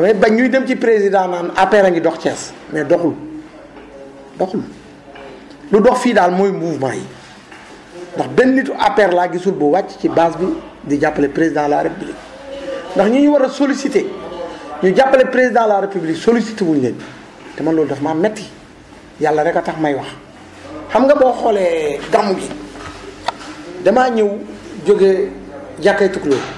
mais bañ ñuy dem ci président naan APR a ngi dox Thiès mais doxul doxul lu dox fii daal mooy mouvement yi ndax benn nitu APR laa gisul bu wàcc ci base bi di jàppale président la république ndax ñi ñu war a solliciter ñu jàppale président la république sollicité wuñ leen te man loolu daf maa metti yàlla rek a tax may wax. xam nga boo xoolee gàmmu gi damaa ñëw jóge jàkkay Tukulóor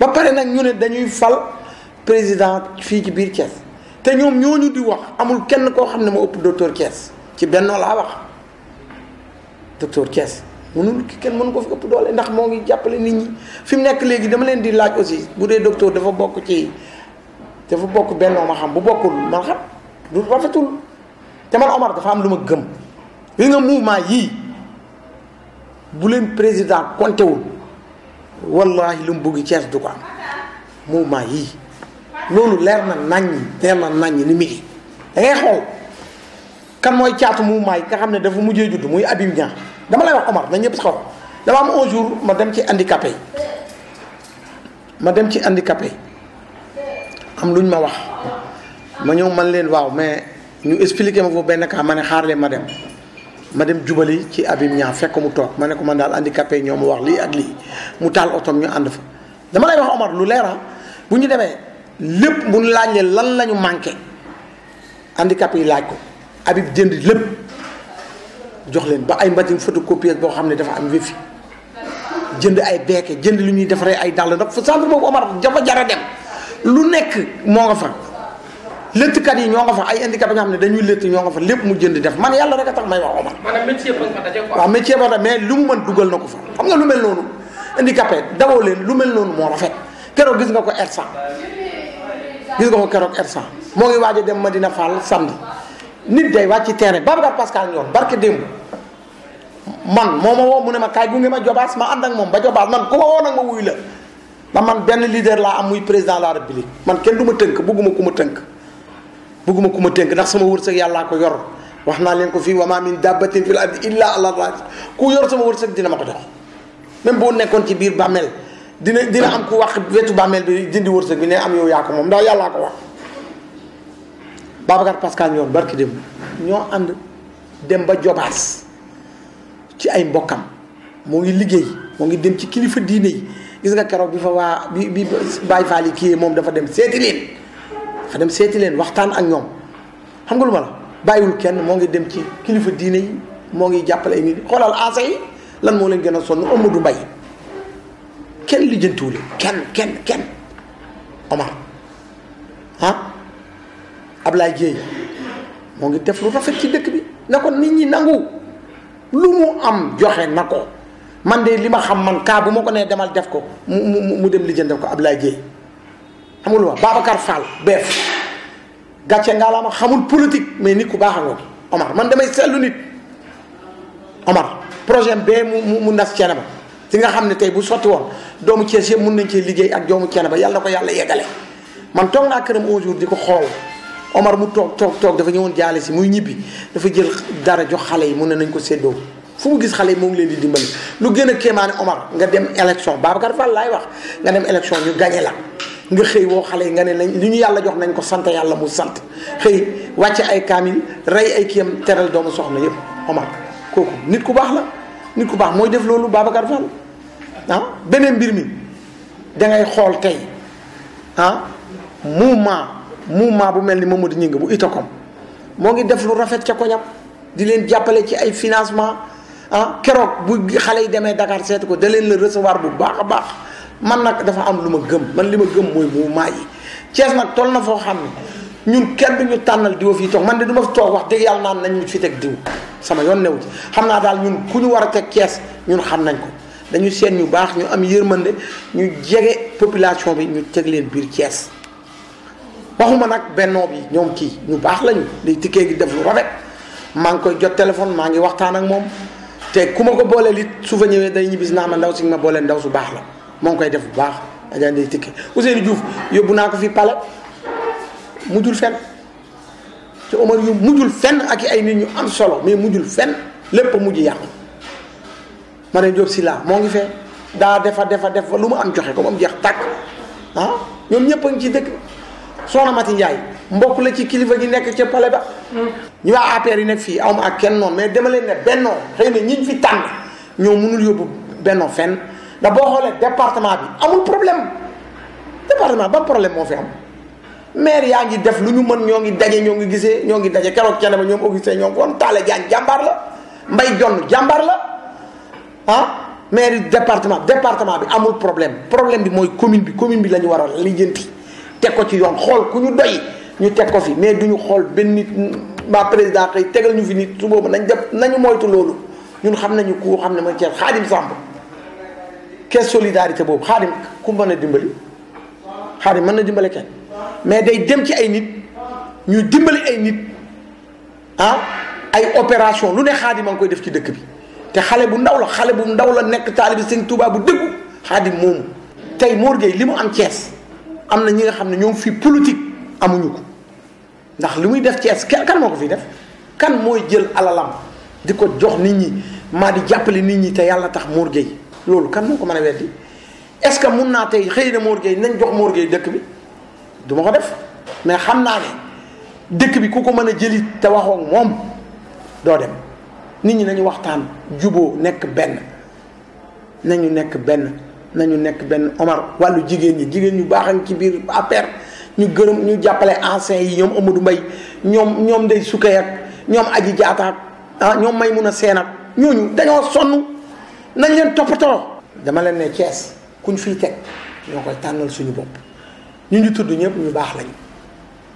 ba pare nag ñu ne dañuy fal président fii ci biir cees te ñoom ñu di wax amul kenn koo xam ne ma ëpp docteur Thiès ci benn laa wax docteur Thiès mënul kenn mënu ko fi ëpp doole ndax moo ngi jàppale nit ñi fi mu nekk léegi dama leen di laaj aussi bu dee docteur dafa bokk ci dafa bokk bennoo ma xam bu bokkul man xam du rafetul te man Omar dafa am lu ma gëm li nga mouvement yii bu leen président compté wallahi lu mu bëgg Cees du ko am mouvement yii loolu leer na naññ leer na naññ ni mu ngi da kan mooy caatu muumaay yi nga xam ne dafa mujjee judd muy Habib Niang dama lay wax Omar na ñëpp xaw dama am un jour ma dem ci handicapé yi ma dem ci handicapé yi am luñ ma wax ma ñëw man leen waaw mais ñu expliqué ma foofu benn cas ma ne xaar leen ma dem ma dem jubali ci Habib Niang fekk mu toog ma ne ko man daal handicapé ñoo ma wax lii ak lii mu taal otom ñu ànd fa dama lay wax Omar lu leera ah, bu ñu demee lépp mu laajee lan lañu ñu manqué yi laaj ko Habib jënd lépp jox leen ba ay mbatim photocopie boo xam ne dafa am wifi jënd ay beeke jënd lu ñuy defaree ay dàll ndax centre boobu Omar dafa jara dem lu nekk moo nga fa lëttkat yi ñoo nga fa ay handicapé nga ne dañuy lëtt ñoo nga fa lépp mu jënd def man yàlla rek a tax may wax Omar. maanaam métier ba nga fa daje quoi. waaw métier lu mu mën dugal na ko fa xam nga lu mel noonu handicapé dawoo leen lu mel noonu moo rafet keroog gis nga ko R100 gis nga ko keroog R100 moo ngi waaj a dem Madina Fall samedi nit day wàcc ci terrain Babacar Pascal ñoon barke démb man moo ma woo mu ne ma kaay gunge ma jobaas ma ànd ak moom ba jobaas man ku ma woo nag ma wuyu la ndax man benn leader laa am président la république man kenn du ma tënk bugguma ku ma tënk bëgguma ku ma tënk ndax sama wërsëg yàllaa ko yor wax naa leen ko fii wa maa min dabbatin fil ardi illa ala ku yor sama wërsëg dina ma ko jox même boo nekkoon ci biir bàmmeel dina dina am ku wax wetu bàmmeel bi dindi wërsëg bi ne am yow yaa ko moom ndax yàllaa ko wax Babacar Pascal ñoom barki dem ñoo ànd dem ba jobaas ci ay mbokkam moo ngi liggéey moo ngi dem ci kilifa diine yi gis nga keroog bi fa waa bi bi Baye Fall yi kii moom dafa dem seeti dafa seeti leen waxtaan ak ñoom xam nga lu ma la bàyyiwul kenn moo ngi dem ci kilifa diine yi moo ngi jàppale ay nit xoolal aasa yi lan moo leen gën a sonn Amadou Mbaye kenn lijjantiwul kenn kenn kenn Omar ab ah, Ablaye Dieye moo ngi def lu rafet ci dëkk bi na ko nit ñi nangu lu mu am joxe na ko man de li ma xam man kaa bu ma ko nee demal def ko mu mu dem lijjanti ko ab Ablaye Dieye xamul ma Babacar Fall beef gàcce ngaalaama xamul politique mais nit ku baax a ngoon Omar man damay seetlu nit Omar projet bee mu mu nas ceene ba ci nga xam ne tey bu sotti woon doomu Cees yëpp mun nañ cee liggéey ak doomu ceene ba yàlla ko yàlla yeggale man toog naa këram un jour di ko xool Omar mu toog toog toog dafa ñëwoon jaale si muy ñibbi dafa jël dara jox xale yi mun ne nañ ko séddoo fu gis xale yi moo ngi di dimbali lu gën a kéemaane Omar nga dem élection Babacar Fall laay wax nga dem élection ñu gagné la nga xëy woo xale yi nga ne nañ li ñu yàlla jox nañ ko sant yàlla mu sant xëy wàcce ay kaamil rey ay kiyam teral doomu soxna yëpp Omar ko nit ku baax la nit ku baax mooy def loolu baaba Fall ah beneen mbir mi dangay xool tey ah mu mouvement bu mel ni Mamadou Gningue bu Itacom moo ngi def lu rafet ca koñam di leen jàppale ci ay financement ah keroog bu xale yi demee dakaar seetu ko da leen la recevoir bu baax a baax man nag dafa am lu ma gëm man li ma gëm mooy mouvement yi Thiès nag toll na foo xam ne ñun kenn du ñu tànnal diwa fii toog man de du ma fi toog wax dëgg yàlla naan nañ ñu fi teg diw sama yoon new ci xam naa daal ñun ku ñu war a teg Thiès ñun xam nañ ko dañu seen ñu baax ñu am yërmande ñu jege population bi ñu teg leen biir Thiès waxuma nag bennoo yi ñoom kii ñu baax lañu day tikkee gi def lu rafet maa ngi koy jot téléphone maa ngi waxtaan ak moom te ku ma ko booleel it su fa ñëwee day ñibbis naa ma ndaw si ma booleel ndaw su baax la mon koy def bu baax Adja Ndeye Tické Ousseynou Diouf yóbbu naa ko fi pale mudul fen ci Omar yu mudul fen ak ay nit ñu am solo mais mudul fen lepp mujj yàqu ma ne si ngi fe da defa defa def lu mu am joxe ko bam jeex tak ah ñoom Je a ngi ci dekk soxna Mati Ndiaye mbokk la ci kilifa gi nek ci pale ba ñu waa APR yi nekk fii awma ak kenn non mais demale ne bennoo na ñiñ fi tan ñoo mënul benno fenn D'abord, le département bi amul problème département ba problème moo fi am maire qui def lu ñu des gens qui la Mbay Jonn ah, département département bi amul problème problème bi commune bi commune bi a gens ko ci pas des ñu ko fi mais duñu xol ma président tégal ñu fi nit su nañu moytu ñun ku kees solidarité boobu xaadim ku mën a dimbali xaadim mën na dimbali kenn mais day dem ci ay nit ñu dimbali ay nit ah ay opération lu ne xaadim a ngi koy def ci dëkk bi te xale bu ndaw la xale bu ndaw la nekk taalibi sëñ Tuubaa bu dëggu xaadim moomu tey Mor Gueye li mu am Cees am na ñi nga xam ne ñoom fi politique amuñu ko ndax li muy def Cees kan moo ko fiy def kan mooy jël alalam di ko jox nit ñi maa di jàppale nit ñi te yàlla tax Mor Gueye loolu kan moo ko mën a weddi est ce que mun naa tey xëy na Mor Gueye nañ jox Mor Gueye dëkk bi du ko def mais xam naa ne dëkk bi ku ko mën a jëli te waxoon moom doo dem nit ñi nañu waxtaan juboo nekk benn nañu nekk benn nañu nekk benn Omar wàllu jigéen ñi jigéen ñu baax ci biir APR ñu gërëm ñu jàppale anciens yi ñoom Amadou Mbaye ñoom ñoom day sukkay ak ñoom aji jaataak ah ñoom may mun a seenal ak ñooñu dañoo sonn nañ leen topp toppatoo dama leen ne Thiès kuñ fiy teg ñoo koy tànnal suñu bopp ñu ñu tudd ñëpp ñu baax lañu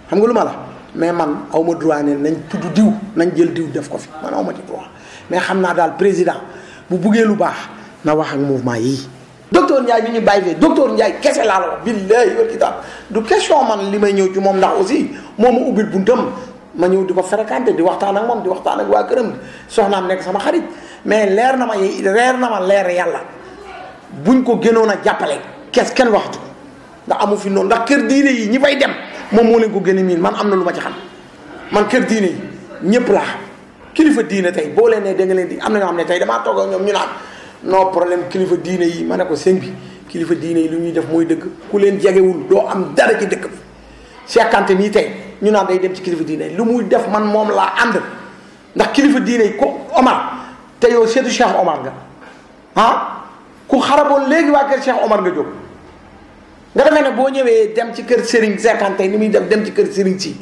xam nga lu ma la mais man awma droit ne nañ tudd diw nañ jël diw def ko fi man awma ci droit mais xam naa daal président bu buggee lu baax na wax ak mouvement yii docteur Ndiaye bi ñu bàyyi fee docteur Ndiaye kese laa la wax billahi du question man li may ñëw ci moom ndax aussi moo ma ubbil buntam ma ñëw di ko fréquenté di waxtaan ak moom di waxtaan ak waa këram soxnaam nekk sama xarit mais leer na ma leer na ma leer yàlla buñ ko gënoon a jàppale kes kenn waxtu ndax amu fi noonu ndax kër diine yi ñi fay dem moom moo leen ko gën a miin man am na lu ma ci xam man kër diine yi ñëpp laa xam kilifa diine tey boo leen ne da leen di am na ñoo xam ne tey damaa toog ñoom ñu naan non problème kilifa diine yi ma ne ko sëñ bi kilifa diine yi lu ñuy def mooy dëgg ku leen jegewul doo am dara ci dëkk bi sekkante nii tey ñu naan day dem ci kilifa diine yi lu def man moom laa ànd ndax kilifa diine yi ko Omar tey yow seetu Cheikh Omar nga ah ku xaraboon léegi waa kër Cheikh Omar nga jóg nga defee ne boo ñëwee dem ci kër Serigne Seckante ni muy def dem ci kër Serigne si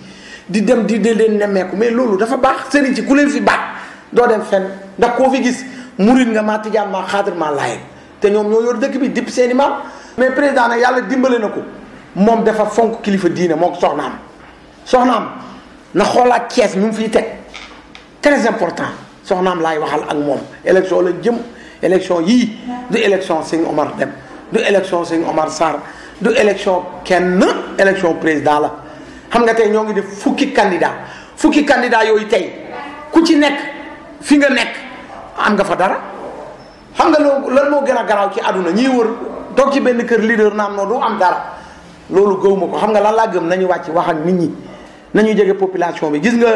di dem di di leen nemmeeku mais loolu dafa baax Serigne si ku leen fi baat doo dem fenn ndax koo fi gis murit nga maa tijaan maa xaadir maa laay te ñoom ñoo yor dëkk bi dipp seen i maam mais président nag yàlla dimbale na ko moom dafa fonk kilifa diine moo ko soxnaam soxnaam na xoolaat Cees mi mu fiy teg très important dox soxnaam laay waxal ak moom élection lañ jëm élection yii du élection Sëñ Omar Dem du élection Sëñ Omar sar du élection kenn élection président la xam nga tey ñoo ngi def fukki candidat fukki candidat yooyu tey ku ci nekk fi nga nekk am nga fa dara xam nga loo lan moo gën a garaw ci àdduna ñiy wër toog ci benn kër leader naa noonu du am dara loolu gëwuma ko xam nga lan laa gëm nañu wàcc wax ak nit ñi nañu jege population bi gis nga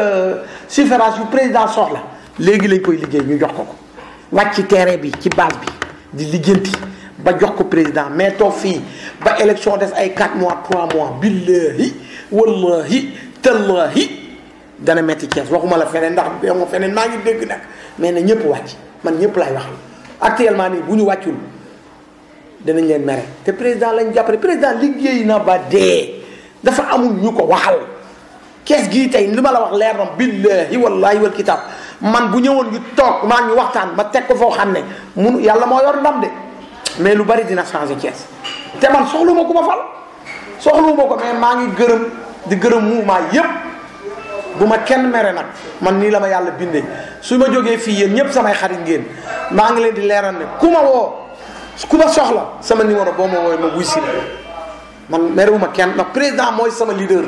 suffrage yu président soxla légui lañ koy liggéey ñu jox ko ko wàcc terrain bi ci base bi di liggéenti ba jox ko président mais toog fii ba élection des ay 4 mois 3 mois billahi wallahi tallahi dana metti Thiès waxuma la feneen ndax ma feneen maa ngi dégg nag mais na ñëpp wàcc man ñëpp lay wax actuellement nii bu ñu wàccul danañ leen mere te président lañ jàppale président liggéey na ba dee dafa amul ñu ko waxal kees gii tey li ma la wax leer na billahi wallahi wal kitab man bu ñëwoon ñu toog maa ñu waxtaan ma teg ko foo xam ne mun yàlla moo yor ndam de mais lu bari dina changé Thiès te man soxluma ku ma fal soxluma ko mais maa ngi gërëm di gërëm mouvement yëpp bu ma kenn mere nag man nii la ma yàlla bindee su ma jógee fii yéen ñëpp samay xarit ngeen maa ngi leen di leeral ne ku ma woo ku ma soxla sama numéro boo ma woowee ma wuy si kenn président mooy sama leader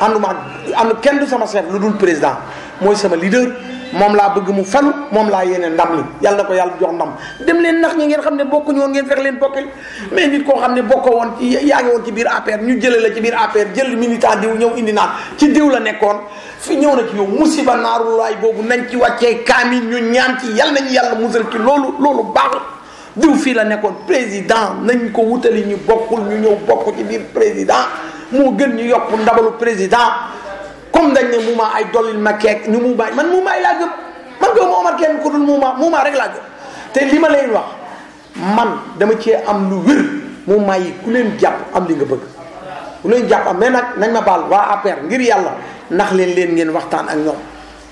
ànduma ànd kenn du sama chef lu dul président mooy sama leader moom laa bëgg mu falu moom laa yéene ndam li yàlla na ko yàlla jox ndam dem leen nax ñi ngeen xam ne bokkuñu woon ngeen fekk leen bokkil mais koo xam ne bokkoo woon yaa ngi woon biir APR ñu jëlee la ci biir APR jël militant diw ñëw indi naan ci diw la nekkoon fi ñëw na ci yow musiba naaru laay boobu nañ ci wàccee kaamil ñu ñaan ci yàlla nañu yàlla musal ci loolu loolu baaxul diw fii la nekkoon président nañ ko wutali ñu bokkul ñu ñëw bokk ci biir président moo gën ñu yokk ndabalu président comme dañ ne Mouma ay dollil ma keek ni Mouma man Mouma yi laa gëm man gëmuma Omar kenn ku dul Mouma rek laa gëm te li ma leen wax man dama cee am lu wér Mouma yi ku leen jàpp am li nga bëgg. ku leen jàpp am mais nag nañ ma baal waa APR ngir yàlla nax leen leen ngeen waxtaan ak ñoom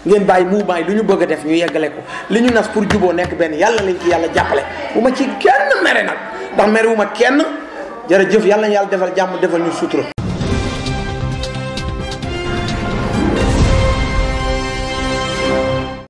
ngeen bàyyi Mouma yi lu ñu bëgg a def ñu yeggale ko li ñu nas pour juboo nekk benn yàlla lañ ci yàlla jàppale bu ma ci kenn mere nag ndax mere wu ma kenn jërëjëf yàlla na yàlla defal jàmm defal ñu sutura.